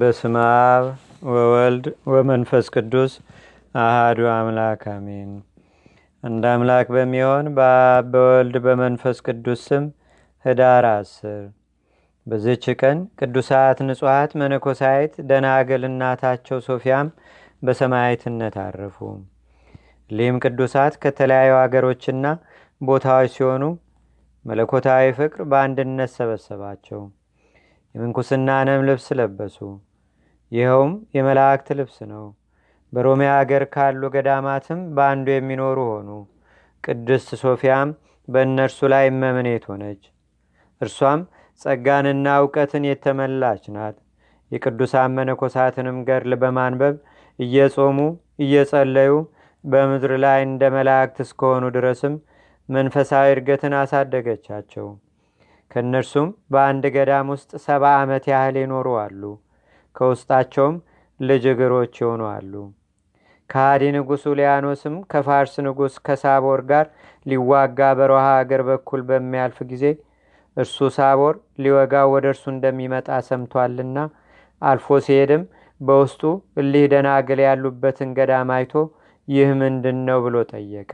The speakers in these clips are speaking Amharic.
በስመ አብ ወወልድ ወመንፈስ ቅዱስ አህዱ አምላክ አሜን። አንድ አምላክ በሚሆን በአብ በወልድ በመንፈስ ቅዱስ ስም ህዳር አስር በዝች ቀን ቅዱሳት ንጹሐት መነኮሳይት ደናገል እናታቸው ሶፊያም በሰማይትነት አረፉ። ሊም ቅዱሳት ከተለያዩ አገሮችና ቦታዎች ሲሆኑ መለኮታዊ ፍቅር በአንድነት ሰበሰባቸው። የምንኩስናንም ልብስ ለበሱ። ይኸውም የመላእክት ልብስ ነው። በሮሜ አገር ካሉ ገዳማትም በአንዱ የሚኖሩ ሆኑ። ቅድስት ሶፊያም በእነርሱ ላይ መምኔት ሆነች። እርሷም ጸጋንና እውቀትን የተመላች ናት። የቅዱሳን መነኮሳትንም ገድል በማንበብ እየጾሙ እየጸለዩ በምድር ላይ እንደ መላእክት እስከሆኑ ድረስም መንፈሳዊ እድገትን አሳደገቻቸው። ከእነርሱም በአንድ ገዳም ውስጥ ሰባ ዓመት ያህል ይኖሩ አሉ። ከውስጣቸውም ልጅግሮች የሆኑ አሉ። ከሃዲ ንጉሥ ኡልያኖስም ከፋርስ ንጉሥ ከሳቦር ጋር ሊዋጋ በረሃ አገር በኩል በሚያልፍ ጊዜ እርሱ ሳቦር ሊወጋው ወደ እርሱ እንደሚመጣ ሰምቷልና አልፎ ሲሄድም በውስጡ እሊህ ደናግል ያሉበትን ገዳም አይቶ ይህ ምንድን ነው ብሎ ጠየቀ።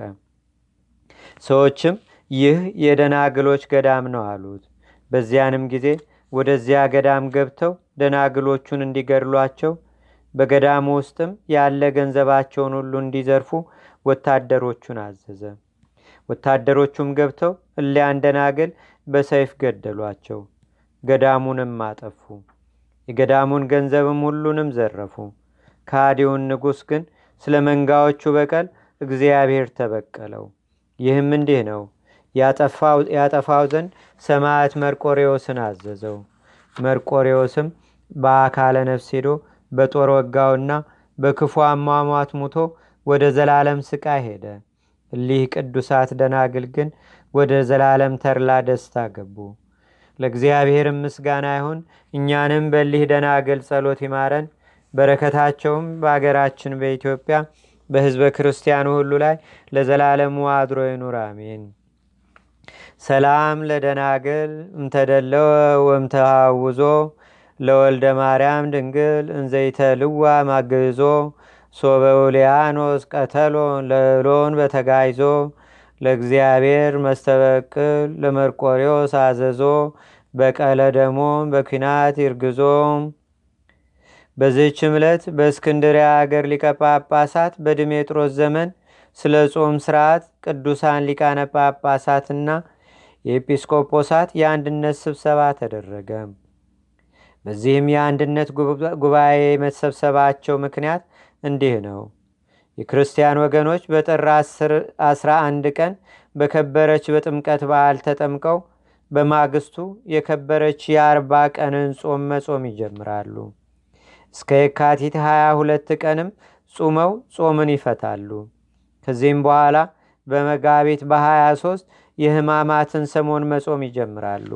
ሰዎችም ይህ የደናግሎች ገዳም ነው አሉት። በዚያንም ጊዜ ወደዚያ ገዳም ገብተው ደናግሎቹን እንዲገድሏቸው በገዳሙ ውስጥም ያለ ገንዘባቸውን ሁሉ እንዲዘርፉ ወታደሮቹን አዘዘ ወታደሮቹም ገብተው እሊያን ደናግል በሰይፍ ገደሏቸው ገዳሙንም አጠፉ የገዳሙን ገንዘብም ሁሉንም ዘረፉ ከአዲውን ንጉሥ ግን ስለ መንጋዎቹ በቀል እግዚአብሔር ተበቀለው ይህም እንዲህ ነው ያጠፋው ዘንድ ሰማዕት መርቆሬዎስን አዘዘው። መርቆሬዎስም በአካለ ነፍስ ሄዶ በጦር ወጋውና በክፉ አሟሟት ሙቶ ወደ ዘላለም ስቃይ ሄደ። እሊህ ቅዱሳት ደናግል ግን ወደ ዘላለም ተርላ ደስታ ገቡ። ለእግዚአብሔር ምስጋና ይሁን። እኛንም በሊህ ደናግል ጸሎት ይማረን። በረከታቸውም በአገራችን በኢትዮጵያ በህዝበ ክርስቲያኑ ሁሉ ላይ ለዘላለሙ አድሮ ይኑር። አሜን። ሰላም ለደናግል እምተደለወ ወምተሃውዞ ለወልደ ማርያም ድንግል እንዘይተልዋ ማግዞ ሶበውሊያኖስ ቀተሎ ለሎን በተጋይዞ ለእግዚአብሔር መስተበቅል ለመርቆሪዎስ አዘዞ በቀለ ደሞም በኩናት ይርግዞም በዝች ምለት በእስክንድሪያ አገር ሊቀ ጳጳሳት በድሜጥሮስ ዘመን ስለ ጾም ስርዓት ቅዱሳን ሊቃነ ጳጳሳትና የኤጲስቆጶሳት የአንድነት ስብሰባ ተደረገ በዚህም የአንድነት ጉባኤ መሰብሰባቸው ምክንያት እንዲህ ነው የክርስቲያን ወገኖች በጥር 11 ቀን በከበረች በጥምቀት በዓል ተጠምቀው በማግስቱ የከበረች የአርባ ቀንን ጾም መጾም ይጀምራሉ እስከ የካቲት 22 ቀንም ጾመው ጾምን ይፈታሉ ከዚህም በኋላ በመጋቢት በ23 የህማማትን ሰሞን መጾም ይጀምራሉ።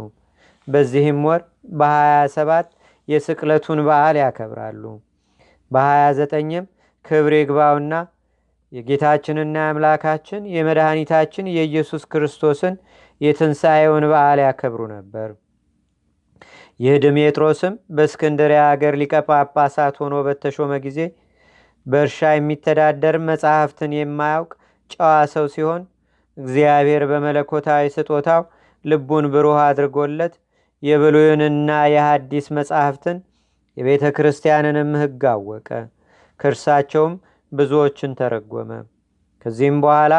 በዚህም ወር በ27 የስቅለቱን በዓል ያከብራሉ። በ29ም ክብር ይግባውና የጌታችንና የአምላካችን የመድኃኒታችን የኢየሱስ ክርስቶስን የትንሣኤውን በዓል ያከብሩ ነበር። ይህ ድሜጥሮስም በእስክንድሪያ አገር ሊቀ ጳጳሳት ሆኖ በተሾመ ጊዜ በእርሻ የሚተዳደር መጽሐፍትን የማያውቅ ጨዋ ሰው ሲሆን እግዚአብሔር በመለኮታዊ ስጦታው ልቡን ብሩህ አድርጎለት የብሉይንና የሐዲስ መጻሕፍትን የቤተ ክርስቲያንንም ሕግ አወቀ። ክርሳቸውም ብዙዎችን ተረጎመ። ከዚህም በኋላ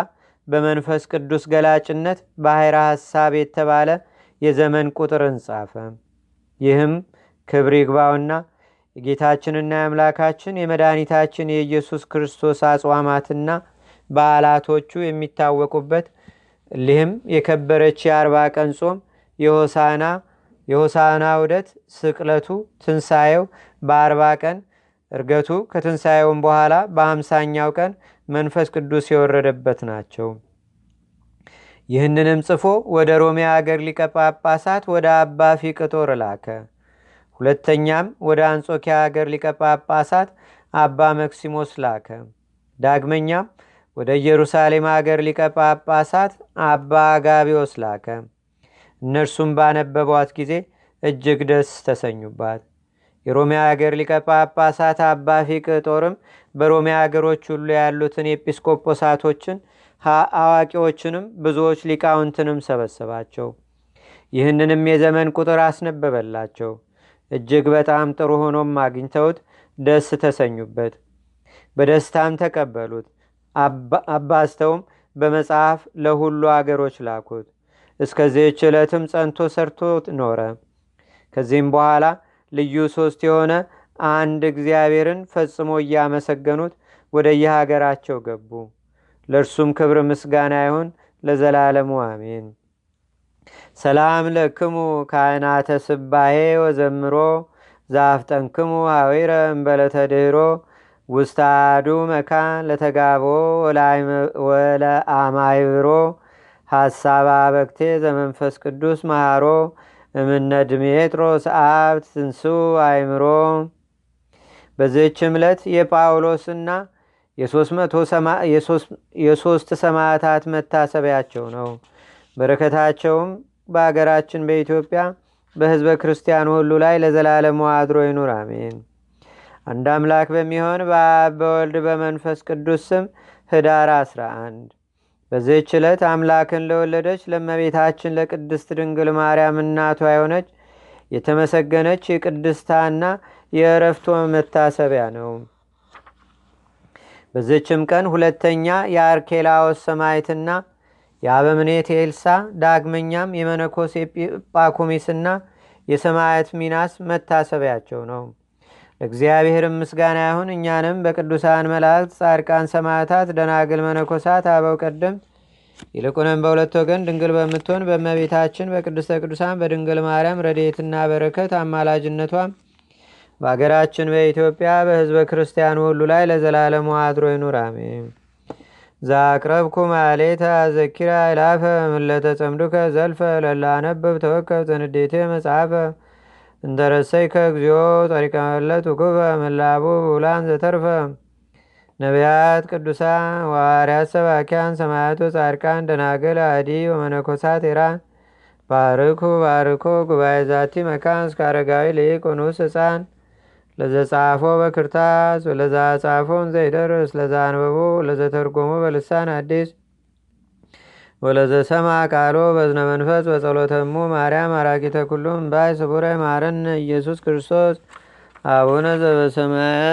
በመንፈስ ቅዱስ ገላጭነት ባሕረ ሐሳብ የተባለ የዘመን ቁጥርን ጻፈ። ይህም ክብር ይግባውና የጌታችንና የአምላካችን የመድኃኒታችን የኢየሱስ ክርስቶስ አጽዋማትና በዓላቶቹ የሚታወቁበት ልህም የከበረች የአርባ ቀን ጾም የሆሳና የሆሳና ውደት ስቅለቱ ትንሣኤው በአርባ ቀን እርገቱ ከትንሣኤውም በኋላ በአምሳኛው ቀን መንፈስ ቅዱስ የወረደበት ናቸው ይህንንም ጽፎ ወደ ሮሜ አገር ሊቀጳጳሳት ጳጳሳት ወደ አባ ፊቅጦር ላከ ሁለተኛም ወደ አንጾኪያ አገር ሊቀጳጳሳት አባ መክሲሞስ ላከ ዳግመኛም ወደ ኢየሩሳሌም አገር ሊቀ ጳጳሳት አባ አጋቢዎስ ላከ። እነርሱም ባነበቧት ጊዜ እጅግ ደስ ተሰኙባት። የሮሚያ አገር ሊቀ ጳጳሳት አባ ጦርም በሮሚያ አገሮች ሁሉ ያሉትን ኤጲስቆጶሳቶችን አዋቂዎችንም ብዙዎች ሊቃውንትንም ሰበሰባቸው። ይህንንም የዘመን ቁጥር አስነበበላቸው። እጅግ በጣም ጥሩ ሆኖም አግኝተውት ደስ ተሰኙበት፣ በደስታም ተቀበሉት። አባስተውም በመጽሐፍ ለሁሉ አገሮች ላኩት። እስከዚህች ዕለትም ጸንቶ ሰርቶ ኖረ። ከዚህም በኋላ ልዩ ሶስት የሆነ አንድ እግዚአብሔርን ፈጽሞ እያመሰገኑት ወደ የሀገራቸው ገቡ። ለእርሱም ክብር ምስጋና ይሁን ለዘላለሙ አሜን። ሰላም ለክሙ ካህናተ ስባሄ ወዘምሮ ዛፍጠንክሙ ሀዊረ እንበለተ ድህሮ ውስታዱ መካን ለተጋቦ ወለ አማይብሮ ሀሳብ አበክቴ ዘመንፈስ ቅዱስ ማሮ እምነ ድሜጥሮስ አብ ትንሱ አይምሮ በዚህች ዕለት የጳውሎስና የሶስት ሰማዕታት መታሰቢያቸው ነው። በረከታቸውም በአገራችን በኢትዮጵያ በህዝበ ክርስቲያን ሁሉ ላይ ለዘላለሙ አድሮ ይኑር አሜን። አንድ አምላክ በሚሆን በአብ በወልድ በመንፈስ ቅዱስ ስም ህዳር 11 በዚህች ዕለት አምላክን ለወለደች ለመቤታችን ለቅድስት ድንግል ማርያም እናቷ የሆነች የተመሰገነች የቅድስታና የእረፍቶ መታሰቢያ ነው። በዚችም ቀን ሁለተኛ የአርኬላዎስ ሰማይትና የአበምኔት ኤልሳ ዳግመኛም የመነኮስ ኤጳኩሚስና የሰማያት ሚናስ መታሰቢያቸው ነው። እግዚአብሔርም ምስጋና ይሁን እኛንም በቅዱሳን መላእክት፣ ጻድቃን፣ ሰማዕታት፣ ደናግል፣ መነኮሳት፣ አበው ቀደም ይልቁንም በሁለት ወገን ድንግል በምትሆን በመቤታችን በቅድስተ ቅዱሳን በድንግል ማርያም ረዴትና በረከት አማላጅነቷም በአገራችን በኢትዮጵያ በህዝበ ክርስቲያኑ ሁሉ ላይ ለዘላለሙ አድሮ ይኑር፣ አሜን። ዛቅረብኩ ማሌታ ዘኪራ ይላፈ ጸምዱከ ዘልፈ ለላነብብ ተወከብ ጽንዴቴ መጽሐፈ እንደረሰይ ከእግዚኦ ጠሪቀመለት ውክበ ምላቡ ውላን ዘተርፈ ነቢያት፣ ቅዱሳን፣ ዋርያት፣ ሰባኪያን፣ ሰማያቱ፣ ጻድቃን፣ ደናግል፣ አዲ ወመነኮሳት ኢራን ባርኩ ባርኮ ጉባኤ ዛቲ መካን እስከ አረጋዊ ልቅ ኑስ ህፃን ለዘጻፎ በክርታስ ወለዛ ጻፎን ዘይደርስ ለዛ አንበቦ ለዘተርጎሞ በልሳን አዲስ ወለዘሰማ ቃሎ በዝነ መንፈስ በጸሎተሙ ማርያም አራኪተ ኩሉም ባይ ስቡረ ማረን ኢየሱስ ክርስቶስ አቡነ ዘበሰማያ